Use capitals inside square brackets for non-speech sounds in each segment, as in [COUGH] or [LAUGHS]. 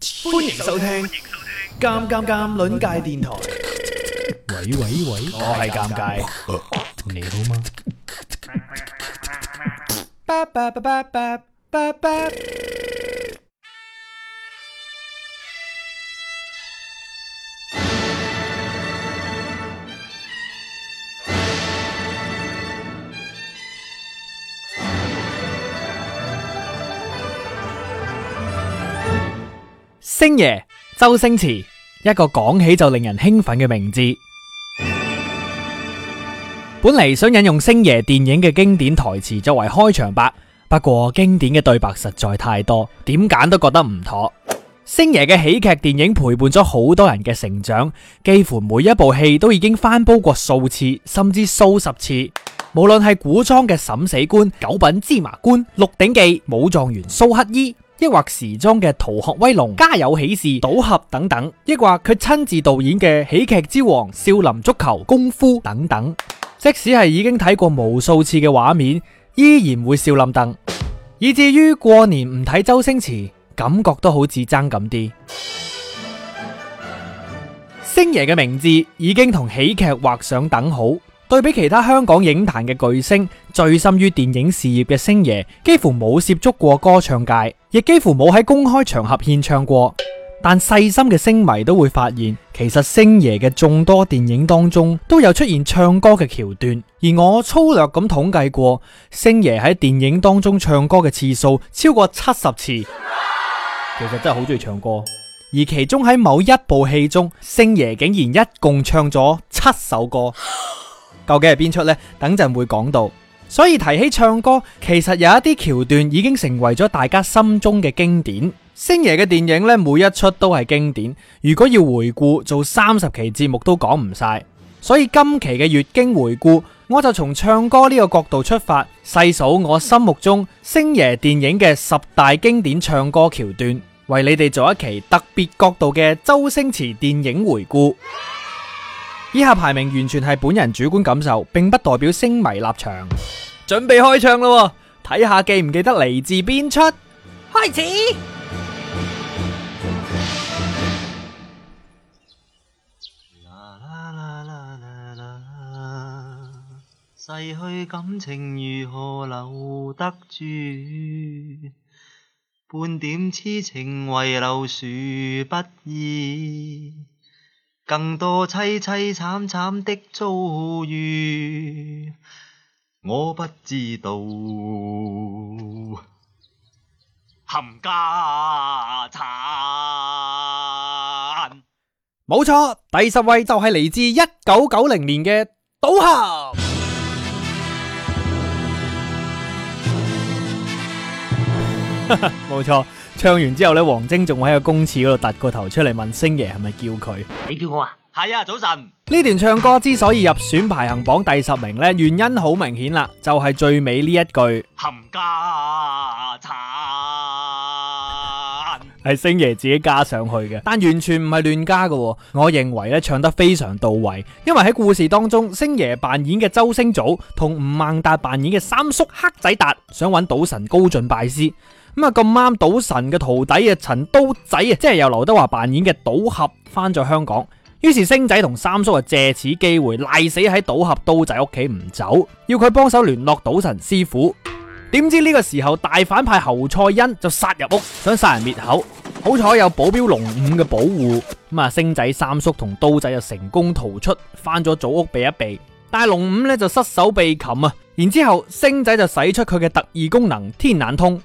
歡迎收聽尷尷尷卵界電台。喂喂喂，我係尷尬，你好嗎？星爺、周星馳一個講起就令人興奮嘅名字，本嚟想引用星爺電影嘅經典台詞作為開場白，不過經典嘅對白實在太多，點揀都覺得唔妥。星爺嘅喜劇電影陪伴咗好多人嘅成長，幾乎每一部戲都已經翻煲過數次，甚至數十次。無論係古裝嘅審死官、九品芝麻官、鹿鼎記、武狀元蘇乞兒。抑或時裝嘅逃學威龍、家有喜事、賭俠等等；抑或佢親自導演嘅喜劇之王、少林足球、功夫等等。即使係已經睇過無數次嘅畫面，依然會笑冧凳，以至於過年唔睇周星馳，感覺都好似爭咁啲。星爺嘅名字已經同喜劇畫上等號。對比其他香港影壇嘅巨星，最深於電影事業嘅星爺，幾乎冇涉足過歌唱界，亦幾乎冇喺公開場合獻唱過。但細心嘅星迷都會發現，其實星爺嘅眾多電影當中都有出現唱歌嘅橋段。而我粗略咁統計過，星爺喺電影當中唱歌嘅次數超過七十次，其實真係好中意唱歌。而其中喺某一部戲中，星爺竟然一共唱咗七首歌。究竟係邊出呢？等陣會講到，所以提起唱歌，其實有一啲橋段已經成為咗大家心中嘅經典。星爺嘅電影呢，每一出都係經典。如果要回顧做三十期節目都講唔晒，所以今期嘅粵經回顧，我就從唱歌呢個角度出發，細數我心目中星爺電影嘅十大經典唱歌橋段，為你哋做一期特別角度嘅周星馳電影回顧。以下排名完全係本人主觀感受，並不代表星迷立場。準備開唱咯！睇下記唔記得嚟自邊出？開始。啦啦啦啦啦，逝去感情如何留得住？半點痴情為留樹不易。更多淒淒慘慘的遭遇，我不知道。冚家鏟，冇錯，第十位就係嚟自一九九零年嘅賭俠。冇錯。 [MUSIC] [MUSIC] 唱完之後咧，王晶仲會喺個公廁嗰度突個頭出嚟問星爺係咪叫佢。你叫我啊？係啊，早晨。呢段唱歌之所以入選排行榜第十名呢，原因好明顯啦，就係最尾呢一句，冚家鏟係星爺自己加上去嘅，但完全唔係亂加噶。我認為咧，唱得非常到位，因為喺故事當中，星爺扮演嘅周星祖同吳孟達扮演嘅三叔黑仔達想揾賭神高進拜師。咁啊！咁啱賭神嘅徒弟啊，陳刀仔啊，即係由劉德華扮演嘅賭俠，翻咗香港。於是星仔同三叔啊，借此機會賴死喺賭俠刀仔屋企唔走，要佢幫手聯絡賭神師傅。點知呢個時候大反派侯賽恩就殺入屋，想殺人滅口。好彩有保鏢龍五嘅保護，咁啊，星仔、三叔同刀仔就成功逃出，翻咗祖屋避一避。但龍五呢，就失手被擒啊，然之後星仔就使出佢嘅特異功能天眼通。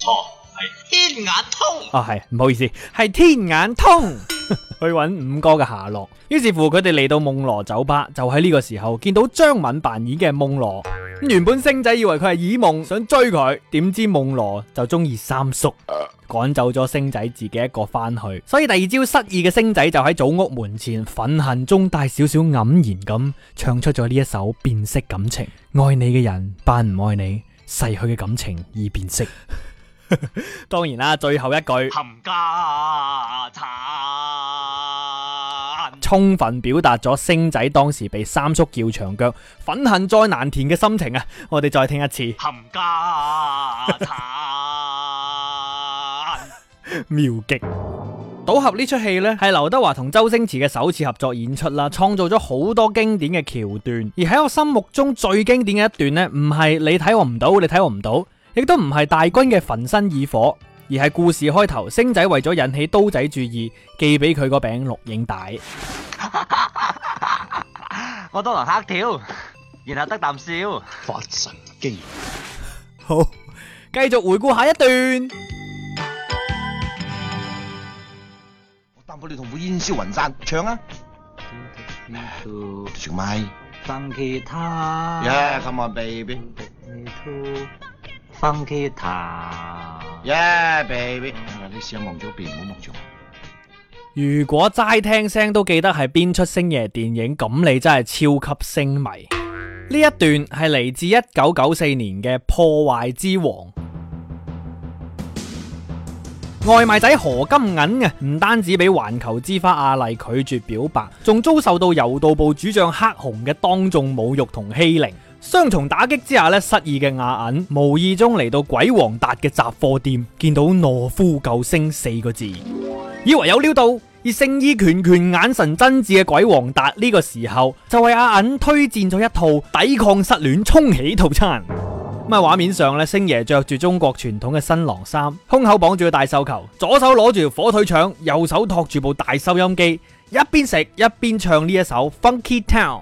天眼通啊，係唔好意思，係天眼通 [LAUGHS] 去揾五哥嘅下落。於是乎，佢哋嚟到夢羅酒吧，就喺呢個時候見到張敏扮演嘅夢羅。原本星仔以為佢係以夢想追佢，點知夢羅就中意三叔，趕走咗星仔自己一個翻去。所以第二朝失意嘅星仔就喺祖屋門前憤恨中帶少少黯然咁唱出咗呢一首變色感情，愛你嘅人扮唔愛你，逝去嘅感情已變色。 [LAUGHS] [LAUGHS] 當然啦，最後一句，冚家鏟，充分表達咗星仔當時被三叔叫長腳，憤恨再難填嘅心情啊！我哋再聽一次，冚家鏟， [LAUGHS] 妙極！賭俠呢出戲呢係劉德華同周星馳嘅首次合作演出啦，創造咗好多經典嘅橋段。而喺我心目中最經典嘅一段呢唔係你睇我唔到，你睇我唔到。亦都唔係大軍嘅焚身以火，而係故事開頭，星仔為咗引起刀仔注意，寄俾佢個餅錄影帶，我當堂嚇跳，然後得啖笑，發神經。好，繼續回顧下一段。我擔保你同佢痛苦煙消雲散，唱啊！食麥。唱其他。Yeah，come on baby。如果齋聽聲都記得係邊出星爺電影，咁你真係超級星迷。呢 [MUSIC] 一段係嚟自一九九四年嘅《破壞之王》。 [MUSIC] 外賣仔何金銀嘅唔單止俾環球之花阿麗拒絕表白，仲遭受到柔道部主將黑熊嘅當眾侮辱同欺凌。雙重打擊之下咧，失意嘅阿銀無意中嚟到鬼王達嘅雜貨店，見到懦夫救星四個字，以為有料到，而盛意拳拳眼神真摯嘅鬼王達呢個時候就為阿銀推薦咗一套抵抗失戀沖喜套餐。咁啊，畫面上咧，星爺着住中國傳統嘅新郎衫，胸口綁住個大繡球，左手攞住條火腿腸，右手托住部大收音機，一邊食一邊唱呢一首 Funky Town。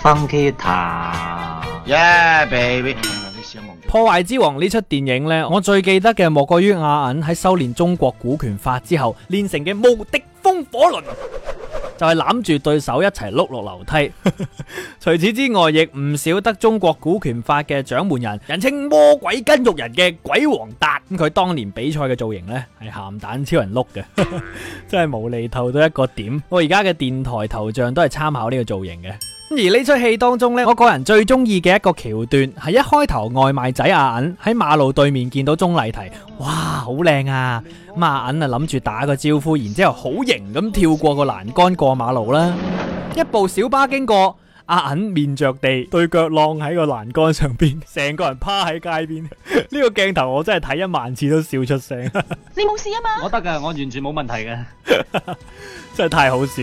Yeah，破壞之王呢出電影呢，我最記得嘅莫過於阿銀喺修煉中國古拳法之後練成嘅無敵風火輪，就係攬住對手一齊碌落樓梯。 [LAUGHS] 除此之外，亦唔少得中國古拳法嘅掌門人，人稱魔鬼筋肉人嘅鬼王達。咁佢當年比賽嘅造型呢，係鹹蛋超人碌嘅， [LAUGHS] 真係無厘頭到一個點。我而家嘅電台頭像都係參考呢個造型嘅。而呢出戲當中呢，我個人最中意嘅一個橋段係一開頭外賣仔阿銀喺馬路對面見到鍾麗緹，哇，好靚啊！了阿銀啊諗住打個招呼，然之後好型咁跳過個欄杆過馬路啦。了一部小巴經過，阿銀面着地，對腳晾喺個欄杆上邊，成個人趴喺街邊。呢 [LAUGHS] 個鏡頭我真係睇一萬次都笑出聲。 [LAUGHS] 你冇事啊嘛？我得噶，我完全冇問題嘅， [LAUGHS] 真係太好笑。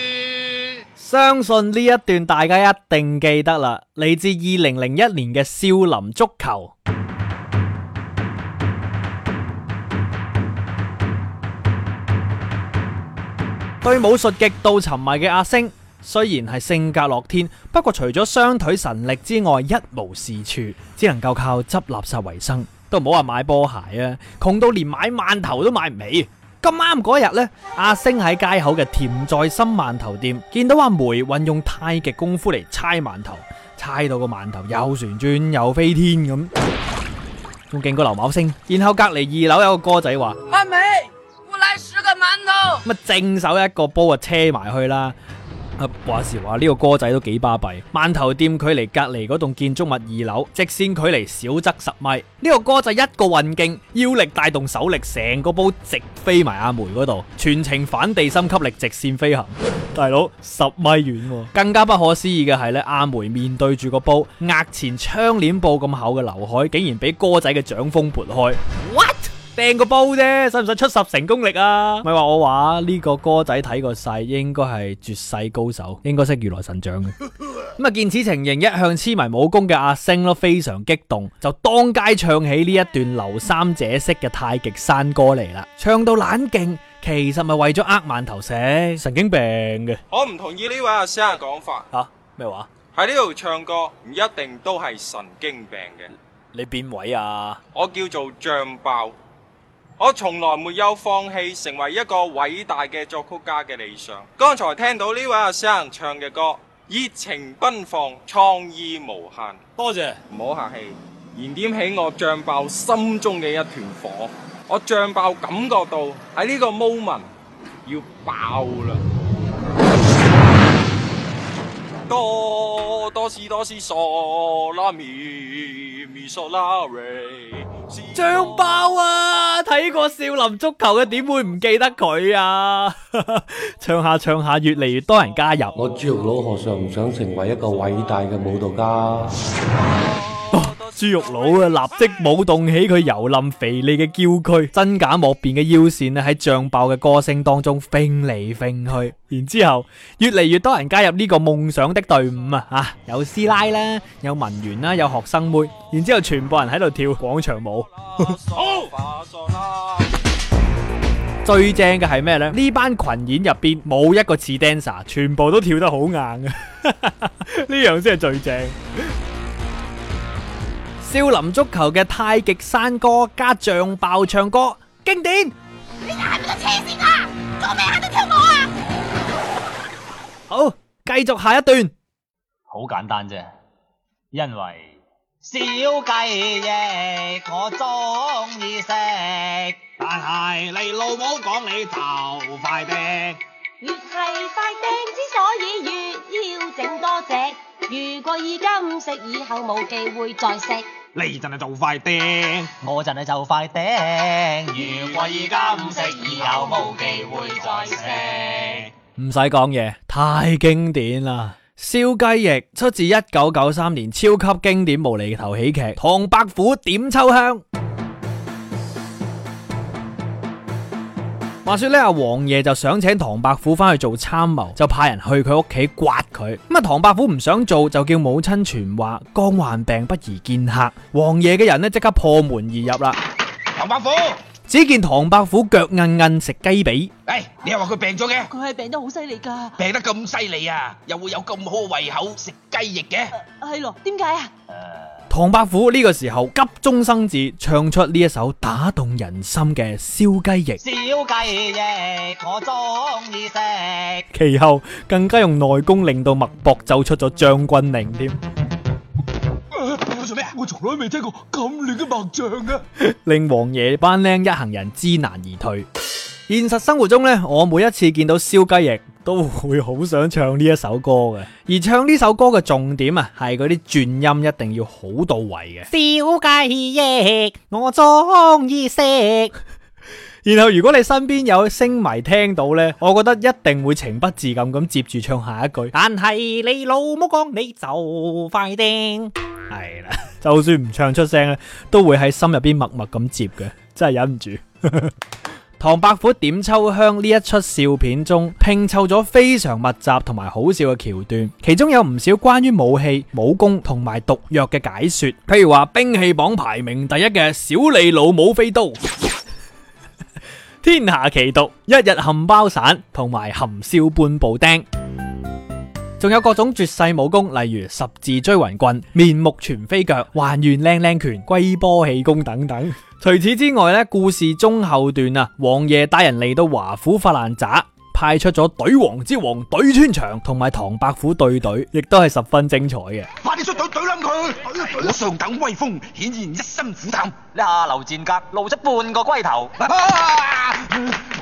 相信呢一段大家一定記得啦，嚟自二零零一年嘅《少林足球》。 [MUSIC] 對武術極度沉迷嘅阿星，雖然係性格樂天，不過除咗雙腿神力之外，一無是處，只能夠靠執垃圾為生。都唔好話買波鞋啊，窮到連買饅頭都買唔起。咁啱嗰日呢，阿星喺街口嘅甜在心饅頭店見到阿梅運用太極功夫嚟猜饅頭，猜到個饅頭又旋轉又飛天咁，仲勁過劉茂星。然後隔籬二樓有個哥仔話：阿梅，我來十個饅頭。乜正手一個煲啊，車埋去啦！話時話呢個歌仔都幾巴閉，饅頭店距離隔籬嗰棟建築物二樓直線距離少則十米。呢個歌仔一個運勁，腰力帶動手力，成個煲直飛埋阿梅嗰度，全程反地心吸力直線飛行。大佬十米遠，啊，更加不可思議嘅係呢，阿梅面對住個煲，額前窗簾布咁厚嘅劉海竟然俾歌仔嘅掌風撥開。What？掟個煲啫，使唔使出十成功力啊？咪話我話呢個歌仔睇個勢應該係絕世高手，應該識如來神掌嘅。咁啊，見此情形，一向黐埋武功嘅阿星都非常激動，就當街唱起呢一段劉三姐式嘅太極山歌嚟啦。唱到冷勁，其實咪為咗呃饅頭食，神經病嘅。我唔同意呢位阿星嘅講法。吓咩話？喺呢度唱歌唔一定都係神經病嘅。你邊位啊？我叫做醬爆。我從來沒有放棄成為一個偉大嘅作曲家嘅理想。剛才聽到呢位阿星唱嘅歌，熱情奔放，創意無限。多謝，謝，唔好客氣。燃點起我醬爆心中嘅一團火，我醬爆感覺到喺呢個 moment 要爆啦。 [MUSIC] 多多士多士嗦啦咪咪嗦啦瑞。張包啊！睇過少林足球嘅點會唔記得佢啊？ [LAUGHS] 唱下唱下，越嚟越多人加入。我豬肉佬何嘗唔想成為一個偉大嘅舞蹈家。啊豬肉佬啊，立即舞動起佢油淋肥膩嘅嬌軀，真假莫辨嘅腰線咧喺脹爆嘅歌聲當中飛嚟飛去。然之後越嚟越多人加入呢個夢想的隊伍啊！啊，有師奶啦，有文員啦，有學生妹。然之後全部人喺度跳廣場舞。 [LAUGHS] 好最正嘅係咩呢？呢班群演入邊冇一個似 dancer，全部都跳得好硬嘅。呢樣先係最正。少林足球嘅太極山歌加脹爆唱歌經典，你哋係咪都黐線噶？做咩喺度跳舞啊？好，繼續下一段。好簡單啫，因為小雞翼我中意食，但係你老母講你就快病，越係快病。之所以越要整多隻。如果而家唔食，以後冇機會再食。你真係做快釘，我真係做快釘。如果而家唔食，以後冇機會再食。唔使講嘢，太經典啦！燒雞翼出自一九九三年超級經典無厘頭喜劇《唐伯虎點秋香》。話說呢，阿王爺就想請唐伯虎翻去做參謀，就派人去佢屋企刮佢。咁啊，唐伯虎唔想做，就叫母親傳話：剛患病不宜見客。王爺嘅人呢，即刻破門而入啦。唐伯虎，只見唐伯虎腳韌韌食雞髀。嚟、哎，你又話佢病咗嘅？佢係病得好犀利噶。病得咁犀利啊，又會有咁好胃口食雞翼嘅？係咯，點解啊？唐伯虎呢個時候急中生智，唱出呢一首打動人心嘅燒雞翼。燒雞翼我中意食。其後更加用內功令到脈搏奏出咗將軍令。添、啊。我做咩？我從來未聽過咁亂嘅脈象啊！ [LAUGHS] 令王爺班靚一行人知難而退。 [LAUGHS] 現實生活中呢，我每一次見到燒雞翼，都會好想唱呢一首歌嘅，而唱呢首歌嘅重點啊，係啲轉音一定要好到位嘅。燒雞翼，我中意食。 [LAUGHS] 然後如果你身邊有星迷聽到呢，我覺得一定會情不自禁咁接住唱下一句。但係你老母講你就快癲。係啦， [LAUGHS] 就算唔唱出聲咧，都會喺心入邊默默咁接嘅，真係忍唔住。 [LAUGHS] 唐伯虎點秋香呢一出笑片中，拼湊咗非常密集同埋好笑嘅橋段，其中有唔少關於武器、武功同埋毒藥嘅解說，譬如話兵器榜排名第一嘅小李老母飛刀， [LAUGHS] 天下奇毒一日含包散，同埋含笑半步釘，仲有各種絕世武功，例如十字追魂棍、面目全非腳、還原靚靚拳、龜波氣功等等。除此之外咧，故事中後段啊，王爺帶人嚟到華府發爛渣，派出咗對王之王對穿腸，同埋唐伯虎對對，亦都係十分精彩嘅。快啲出對，對撚佢。我上等威風，顯然一身虎膽。你下流賤格，露出半個龜頭，啊。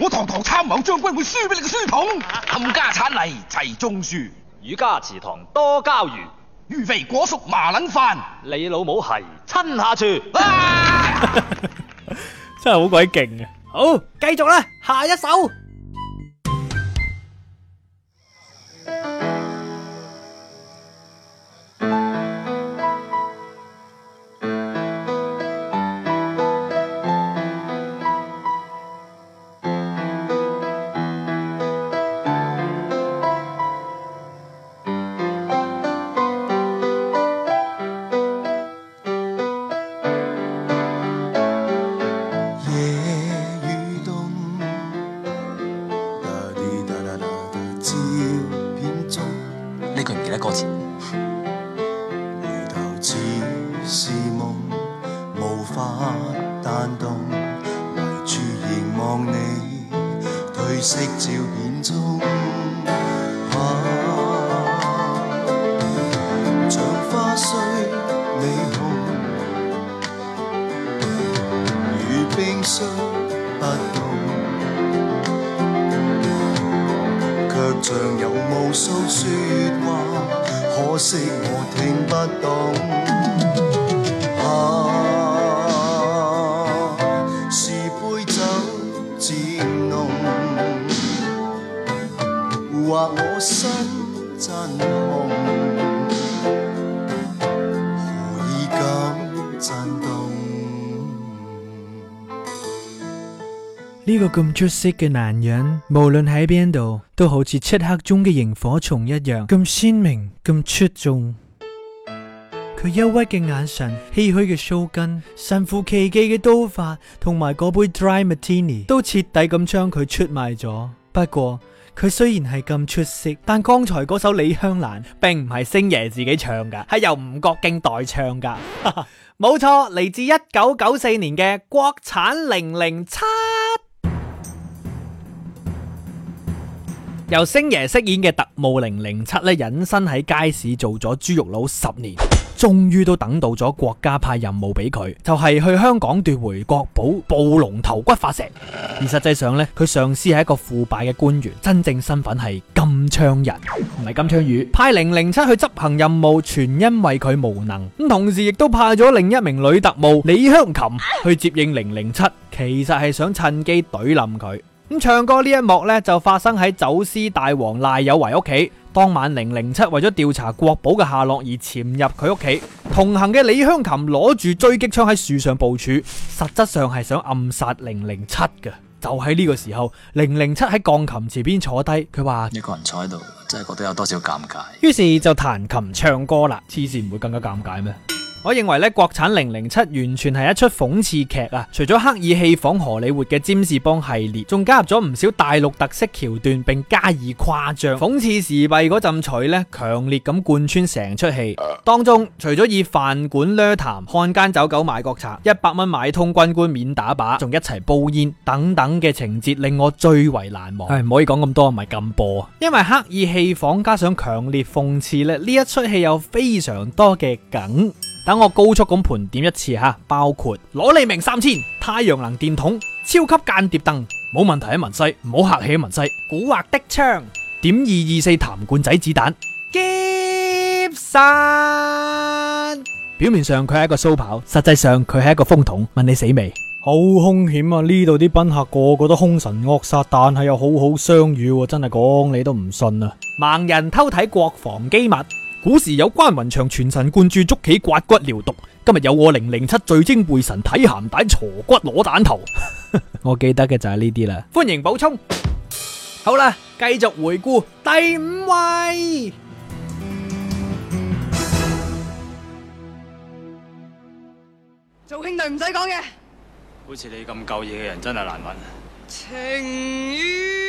我堂堂參謀將軍會輸俾你個書僮？冚家剷泥齊種樹，汝家池塘多鮫魚。魚肥果熟麻撚飯，你老母係親下廚，真係好鬼勁啊！ [LAUGHS] [LAUGHS] 好，繼續啦，下一首。回頭似是夢，無法彈動，迷住凝望你褪色照片中，啊，像花雖未紅，如冰雖不凍，卻像有無數説話。可惜我聽不懂，怕、啊、是杯酒漸濃。或我失。呢個咁出色嘅男人，無論喺邊度，都好似漆黑中嘅螢火蟲一樣咁鮮明、咁出眾。佢憂鬱嘅眼神、唏噓嘅鬚根、神乎其技嘅刀法，同埋嗰杯 Dry Martini，都徹底咁將佢出賣咗。不過佢雖然係咁出色，但剛才嗰首李香蘭並唔係星爺自己唱噶，係由吳國敬代唱噶。冇 [LAUGHS] 錯，嚟自一九九四年嘅國產零零七。由星爺飾演嘅特務零零七咧，隱身喺街市做咗豬肉佬十年，終於都等到咗國家派任務俾佢，就係去香港奪回國寶暴龍頭骨化石。而實際上呢，佢上司係一個腐敗嘅官員，真正身份係金槍人，唔係金槍魚。派零零七去執行任務，全因為佢無能。咁同時亦都派咗另一名女特務李香琴去接應零零七，其實係想趁機懟冧佢。咁唱歌呢一幕呢，就發生喺走私大王賴有為屋企。當晚，零零七為咗調查國寶嘅下落而潛入佢屋企，同行嘅李香琴攞住狙擊槍喺樹上部署，實質上係想暗殺零零七嘅。就喺呢個時候，零零七喺鋼琴前邊坐低，佢話一個人坐喺度真係覺得有多少尷尬。於是就彈琴唱歌啦，黐線唔會更加尷尬咩？我認為咧，國產《零零七》完全係一出諷刺劇啊！除咗刻意戲仿荷里活嘅《占士邦》系列，仲加入咗唔少大陸特色橋段，並加以誇張諷刺時弊嗰陣，取咧強烈咁貫穿成出戲當中。除咗以飯館掠談漢奸走狗賣國賊、一百蚊買通軍官免打靶，仲一齊煲煙等等嘅情節，令我最為難忘。係唔可以講咁多，唔係咁播啊！因為刻意戲仿加上強烈諷刺咧，呢一出戲有非常多嘅梗。等我高速咁盤點一次吓，包括攞你命三千、太陽能電筒、超級間諜燈，冇問題啊，文西，唔好客氣啊，文西。古惑的槍點二二四痰罐仔子彈，give 身。Keep sun! 表面上佢係一個鬚刨，實際上佢係一個風筒。問你死未？好兇險啊！呢度啲賓客個個都凶神惡煞，但係又好好相與，啊，真係講你都唔信啊！盲人偷睇國防機密。古時有關雲長全神貫注捉棋、刮骨療毒，今日有我零零七聚精會神睇鹹蛋鋤骨攞蛋頭。我記得嘅就係呢啲啦，歡迎補充。好啦，繼續回顧第五位。做兄弟唔使講嘅，好似你咁夠嘢嘅人真係難揾。情幽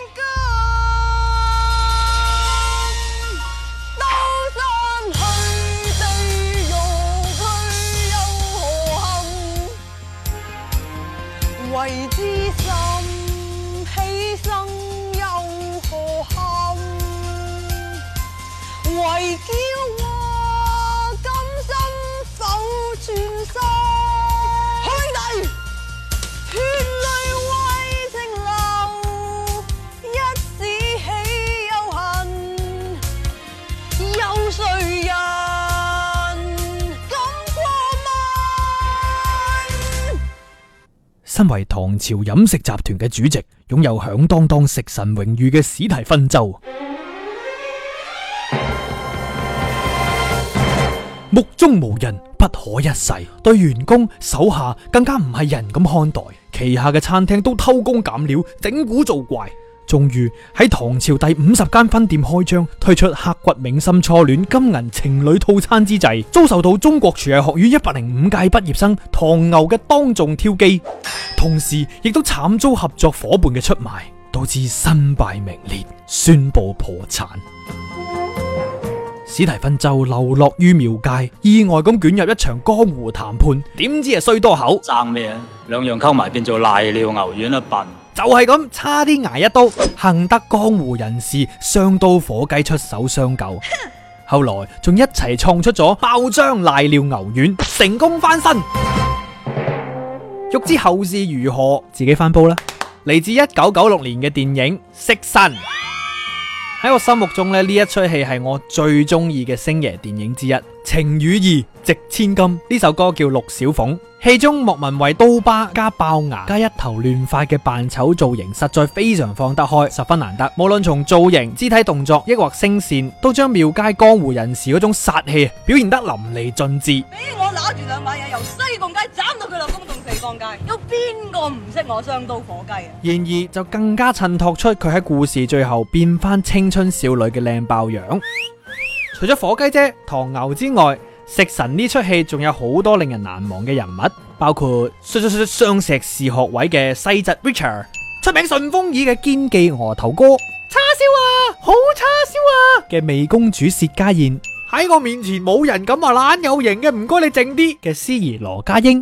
唐朝飲食集團嘅主席，擁有響噹噹食神榮譽嘅史提芬周，目中無人，不可一世，對員工手下更加唔係人咁看待，旗下嘅餐廳都偷工減料，整蠱做怪。終於喺唐朝第五十間分店開張，推出刻骨銘心初戀金銀情侶套餐之際，遭受到中國廚藝學院一百零五屆畢業生唐牛嘅當眾挑機，同時亦都慘遭合作伙伴嘅出賣，導致身敗名裂，宣布破產。 [MUSIC] 史提芬就流落於廟街，意外咁捲入一場江湖談判，點知係衰多口爭咩啊？兩樣溝埋變做瀨尿牛丸啊笨！就係咁，差啲挨一刀，幸得江湖人士雙刀火雞出手相救，後來仲一齊創出咗爆漿瀨尿牛丸，成功翻身。 [NOISE] 欲知後事如何，自己翻煲啦！嚟自一九九六年嘅電影《食神》。喺我心目中咧，呢一齣戲係我最中意嘅星爺電影之一，情《情與義值千金》呢首歌叫陸小鳳。戲中莫文蔚刀疤加爆牙加一頭亂髮嘅扮醜造型，實在非常放得開，十分難得。無論從造型、肢體動作，抑或聲線，都將廟街江湖人士嗰種殺氣表現得淋漓盡致。俾我揦住兩把嘢，由西貢街走。放有邊個唔識我雙刀火雞啊？然而就更加襯托出佢喺故事最後變翻青春少女嘅靚爆樣。 [NOISE] 除咗火雞姐、唐牛之外，食神呢出戲仲有好多令人難忘嘅人物，包括雙碩士學位嘅細侄 Richard， [NOISE] 出名順風耳嘅堅記鵝頭哥叉燒啊，好叉燒啊嘅美公主薛家燕喺我面前冇人敢話懶有型嘅，唔該你靜啲嘅司儀羅家英。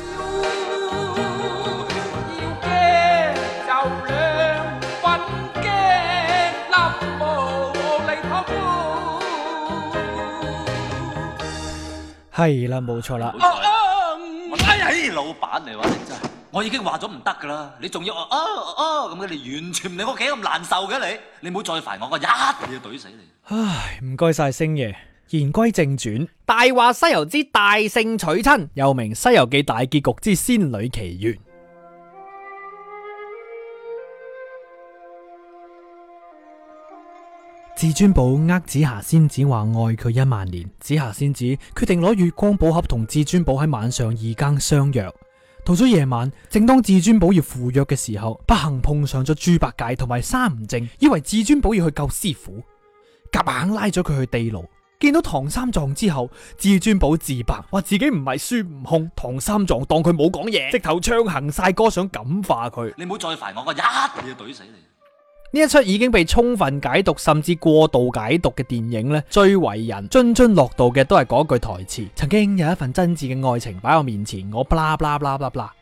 係啦，冇錯啦。錯嗯、哎呀呦，老闆嚟你，你真係，我已經話咗唔得噶啦，你仲要哦，哦，咁、哦、嘅，你完全令我幾咁難受嘅你，你唔好再煩我，我一定要懟死你。唉，唔該晒星爺。言歸正傳，《大話西遊之大聖娶親》，又名《西遊記大結局之仙女奇緣》。至尊寶呃紫霞仙子，話愛佢一萬年，紫霞仙子決定攞月光寶盒同至尊寶喺晚上二更相約。到咗夜晚，正當至尊寶要赴約嘅時候，不幸碰上咗豬八戒同埋三唔正，以為至尊寶要去救師傅，夾硬硬拉咗佢去地牢。見到唐三藏之後，至尊寶自白，話自己唔係孫悟空。唐三藏當佢冇講嘢，直頭唱行晒歌想感化佢。你唔好再煩我，我一定要懟死你。呢一出已經被充分解讀甚至過度解讀嘅電影咧，最為人津津樂道嘅都係嗰句台詞：曾經有一份真摯嘅愛情擺我面前，我啦啦啦啦啦。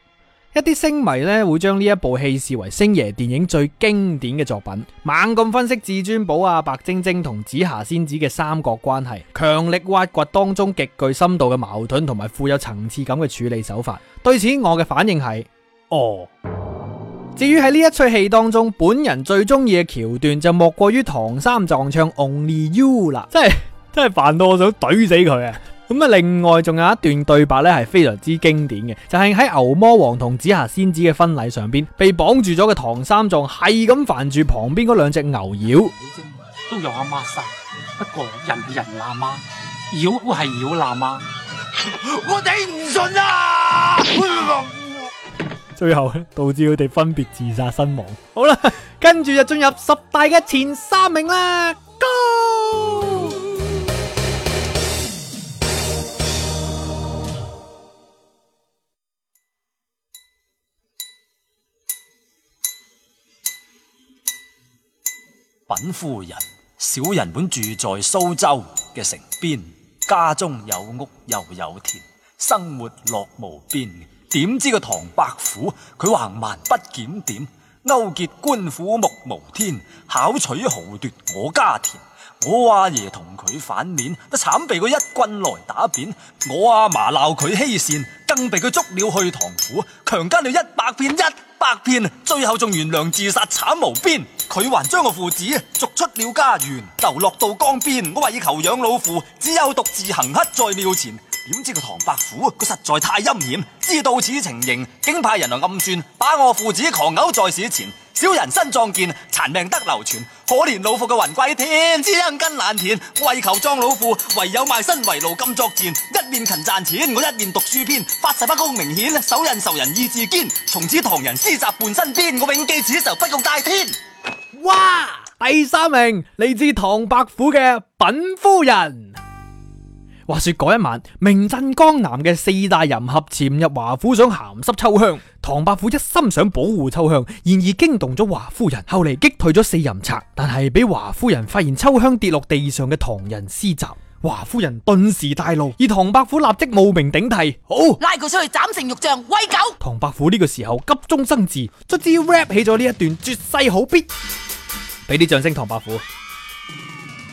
一啲星迷咧會將呢一部戲視為星爺電影最經典嘅作品，猛咁分析至尊寶啊、白晶晶同紫霞、霞仙子嘅三角關係，強力挖掘當中極具深度嘅矛盾同埋富有層次感嘅處理手法。對此我嘅反應係：哦。至於喺呢一出戲當中，本人最中意嘅橋段就莫過於唐三藏唱《Only You》啦， [LAUGHS] 真係真係煩到我想懟死佢啊！咁啊，另外仲有一段對白咧係非常之經典嘅，就係、是、喺牛魔王同紫霞仙子嘅婚禮上邊，被綁住咗嘅唐三藏係咁煩住旁邊嗰兩隻牛妖。都有阿媽生，不過人係人阿媽，妖都係妖阿媽， [LAUGHS] 我頂唔順啊！ [LAUGHS] 最後咧，導致佢哋分別自殺身亡。好啦，跟住就進入十大嘅前三名啦！Go！高稟夫人，小人本住在蘇州嘅城邊，家中有屋又有田，生活樂無邊。點知個唐伯虎佢橫蠻不檢點，勾結官府目無天，巧取豪奪我家田。我阿、啊、爺同佢反面，都慘被佢一棍來打扁。我阿嫲鬧佢欺善，更被佢捉了去唐府，強姦了一百遍，一百遍。最後仲原諒自殺慘無邊，佢還將個父子逐出了家園，流落到江邊。我為求養老父，只有獨自行乞在廟前。點知個唐伯虎佢實在太陰險，知道此情形，竟派人來暗算，把我父子狂毆在史前。小人身壯健，殘命得流傳。可憐老父嘅魂歸天，知恩根難填。為求葬老父，唯有賣身為奴甘作賤。一面勤賺錢，我一面讀書篇。發誓不功明顯，手刃仇人意志堅。從此唐人詩集伴身邊，我永記此仇不共戴天。哇！第三名嚟自唐伯虎嘅品夫人。話說嗰一晚，名震江南嘅四大淫俠潛入華府想咸濕秋香。唐伯虎一心想保護秋香，然而驚動咗華夫人，後嚟擊退咗四淫賊，但係俾華夫人發現秋香跌落地上嘅唐人詩集，華夫人頓時大怒，而唐伯虎立即冒名頂替，好、哦、拉佢出去斬成肉醬喂狗。唐伯虎呢個時候急中生智，卒之 rap 起咗呢一段絕世好必，俾啲掌聲唐伯虎。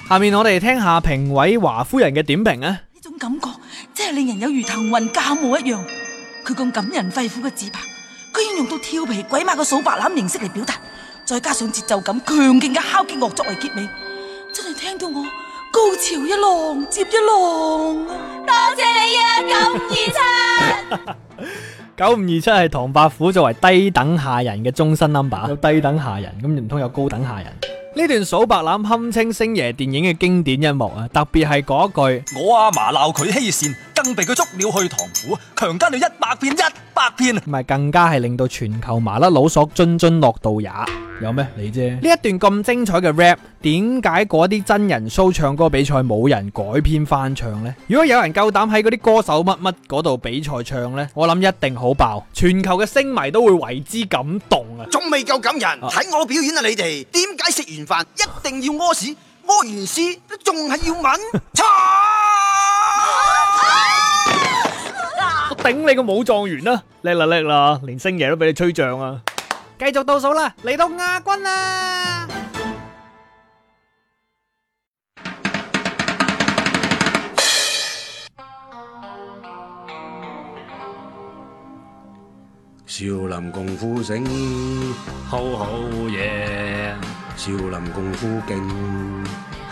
下面我哋聽下評委華夫人嘅點評啊！呢種感覺真係令人有如騰雲駕霧一樣，佢咁感人肺腑嘅指白，居然用到調皮鬼馬嘅數白欖形式嚟表達，再加上節奏感強勁嘅敲擊樂作為結尾，真係聽到我高潮一浪接一浪啊！多謝你啊，九五二七，九五二七係唐伯虎作為低等下人嘅終身 number，有低等下人咁唔通有高等下人？呢段數白欖堪稱星爺電影嘅經典一幕啊，特別係嗰句：我阿嫲鬧佢欺善。更被佢捉了去唐府，強奸咗一百遍一百遍，唔係更加係令到全球麻甩佬索津津樂道也。有咩你啫？呢一段咁精彩嘅 rap，點解嗰啲真人 show 唱歌比賽冇人改編翻唱呢？如果有人夠膽喺嗰啲歌手乜乜嗰度比賽唱呢，我諗一定好爆，全球嘅星迷都會為之感動啊！仲未夠感人，睇、啊、我表演啊！你哋點解食完飯一定要屙屎？屙 [LAUGHS] 完屎都仲係要吻？ [LAUGHS] [LAUGHS] 頂你個武狀元啦，叻啦叻啦，連星爺都俾你吹脹啊！繼續倒數啦，嚟到亞軍啦！少林功夫醒，好好嘢，少林功夫勁。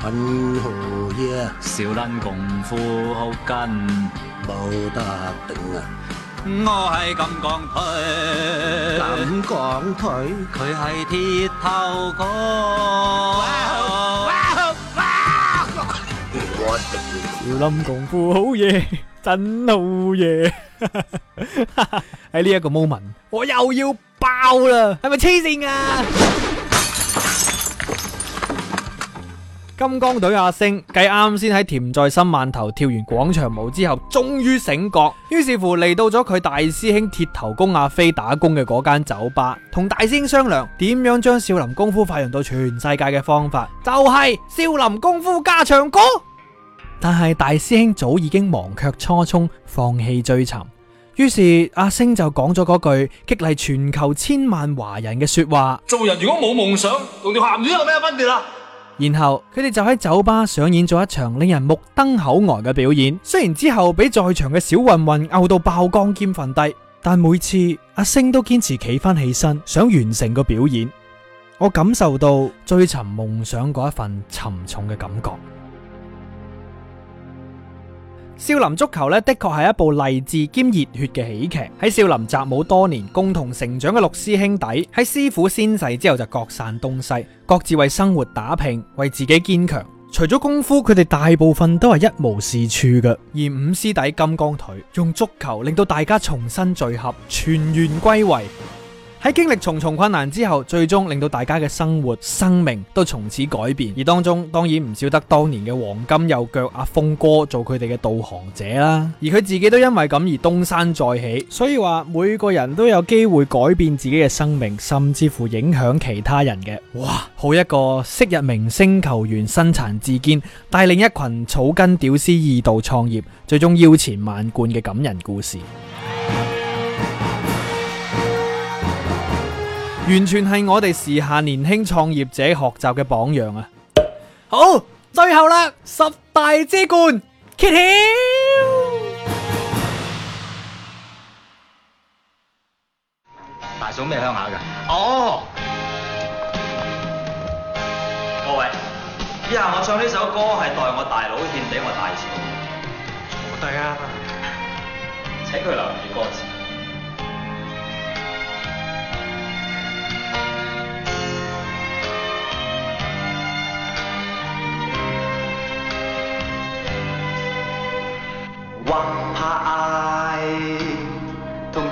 很好嘢，少林功夫好勁，冇得頂啊！我係咁講佢，咁講佢，佢係鐵頭哥， [LAUGHS] 少林功夫好嘢，真好嘢！喺呢一個 moment，我又要爆啦，係咪黐線啊？金剛隊阿星繼啱先喺甜在心饅頭跳完廣場舞之後，終於醒覺，於是乎嚟到咗佢大師兄鐵頭功阿飛打工嘅嗰間酒吧，同大師兄商量點樣將少林功夫發揚到全世界嘅方法，就係、是、少林功夫加唱歌。但係大師兄早已經忘卻初衷，放棄追尋，於是阿星就講咗嗰句激勵全球千萬華人嘅說話：做人如果冇夢想，同條鹹魚有咩分別啊！然後佢哋就喺酒吧上演咗一場令人目瞪口呆嘅表演。雖然之後俾在場嘅小混混毆到爆光兼瞓低，但每次阿星都堅持企翻起身，想完成個表演。我感受到追尋夢想嗰一份沉重嘅感覺。少林足球呢，的確係一部勵志兼熱血嘅喜劇。喺少林習武多年共同成長嘅六師兄弟，喺師傅仙逝之後就各散東西，各自為生活打拼，為自己堅強。除咗功夫，佢哋大部分都係一無是處嘅。而五師弟金剛腿用足球令到大家重新聚合，全員歸位。喺經歷重重困難之後，最終令到大家嘅生活、生命都從此改變。而當中當然唔少得當年嘅黃金右腳阿峰哥做佢哋嘅導航者啦。而佢自己都因為咁而東山再起，所以話每個人都有機會改變自己嘅生命，甚至乎影響其他人嘅。哇！好一個昔日明星球員身殘志堅，帶領一群草根屌絲二度創業，最終腰纏萬貫嘅感人故事。完全係我哋時下年輕創業者學習嘅榜樣啊！好，最後啦，十大之冠，Kitty，大嫂咩鄉下噶？哦，各位，以下我唱呢首歌係代我大佬獻俾我大嫂，大家請佢留意歌詞。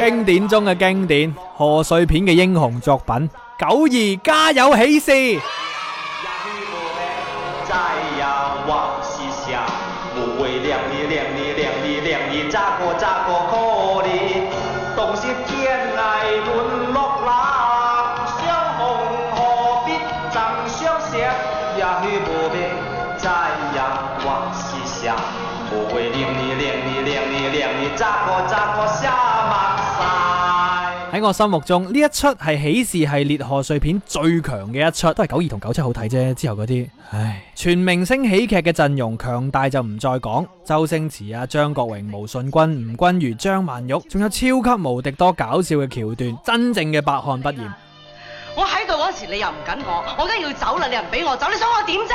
經典中嘅經典，賀歲片嘅英雄作品，九二家有喜事。喺我心目中，呢一出係喜事系列賀歲片最強嘅一出，都係九二同九七好睇啫。之後嗰啲，唉，全明星喜劇嘅陣容強大就唔再講，周星馳啊、張國榮、毛舜筠、吳君如、張曼玉，仲有超級無敵多搞笑嘅橋段，真正嘅百看不厭。我喺度嗰時你又唔緊我，我梗係要走啦，你又唔俾我走，你想我點啫？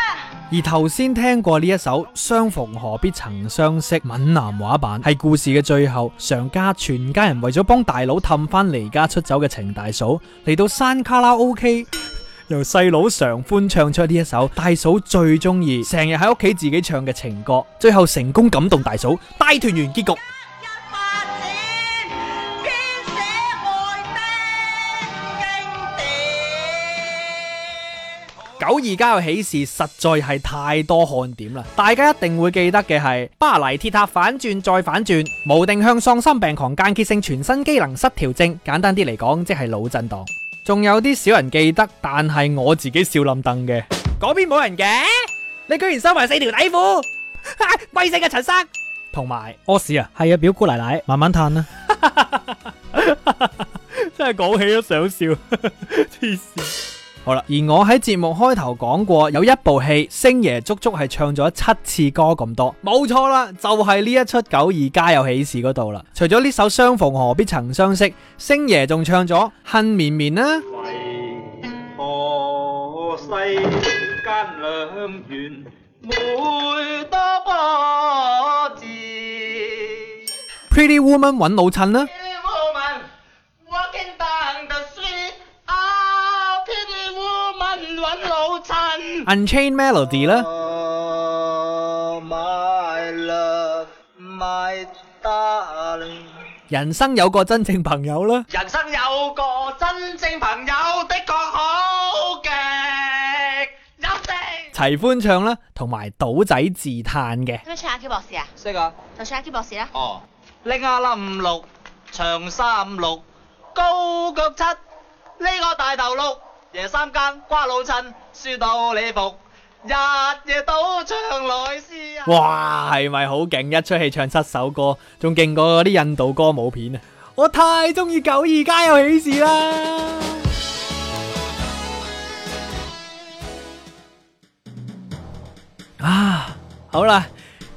而頭先聽過呢一首《相逢何必曾相識》閩南話版，係故事嘅最後，常家全家人為咗幫大佬氹翻離家出走嘅程大嫂，嚟到山卡拉 OK，由細佬常歡唱出呢一首大嫂最中意，成日喺屋企自己唱嘅情歌，最後成功感動大嫂，大團圓結局。九二家有喜事，實在係太多看點啦！大家一定會記得嘅係巴黎鐵塔反轉再反轉，無定向喪心病狂間歇性全身機能失調症，簡單啲嚟講即係腦震盪。仲有啲少人記得，但係我自己笑冧凳嘅。嗰邊冇人嘅，你居然收埋四條底褲，龜 [LAUGHS] 死嘅陳生。同埋屙屎啊，係啊表姑奶奶，慢慢嘆啦。 [LAUGHS] 真係講起都想笑，黐線。好啦，而我喺節目開頭講過，有一部戲，星爺足足係唱咗七次歌咁多，冇錯啦，就係、是、呢一齣《九二家有喜事》嗰度啦。除咗呢首《相逢何必曾相識》，星爺仲唱咗《恨綿綿》呢，為何世間兩段，每多八字。Pretty Woman 搵老襯啦。Unchained melody 啦，my love my darling，人生有個真正朋友啦，人生有個真正朋友的確好極，齊歡唱啦，同埋島仔自嘆嘅，做咩唱阿 Q 博士啊？識啊，就唱阿 Q 博士啦。哦，拎阿林六，長三六，高腳七，呢個大頭六。夜三更，瓜老襯，輸到你服，日夜都唱來事啊！哇，係咪好勁？一出戲唱七首歌，仲勁過嗰啲印度歌舞片啊！我太中意《九二家有喜事》啦！ [MUSIC] 啊，好啦，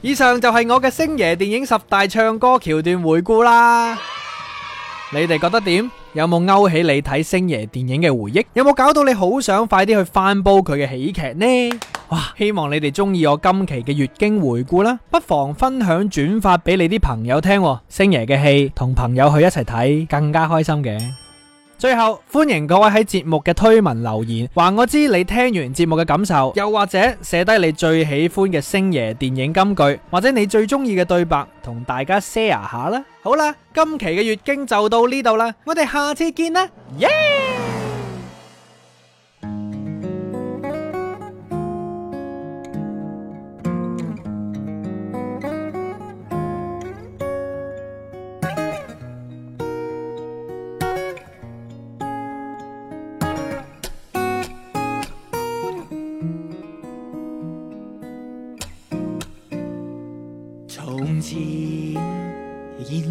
以上就係我嘅星爺電影十大唱歌橋段回顧啦， [MUSIC] 你哋覺得點？有冇勾起你睇星爺電影嘅回憶？有冇搞到你好想快啲去翻煲佢嘅喜劇呢？哇！希望你哋中意我今期嘅粵經回顧啦，不妨分享轉發俾你啲朋友聽。星爺嘅戲同朋友去一齊睇，更加開心嘅。最後，歡迎各位喺節目嘅推文留言，話我知你聽完節目嘅感受，又或者寫低你最喜歡嘅星爺電影金句，或者你最中意嘅對白，同大家 share 下啦。好啦，今期嘅月經就到呢度啦，我哋下次見啦，耶、yeah!！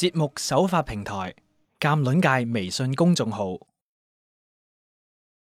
節目首發平台：鑒論界微信公眾號。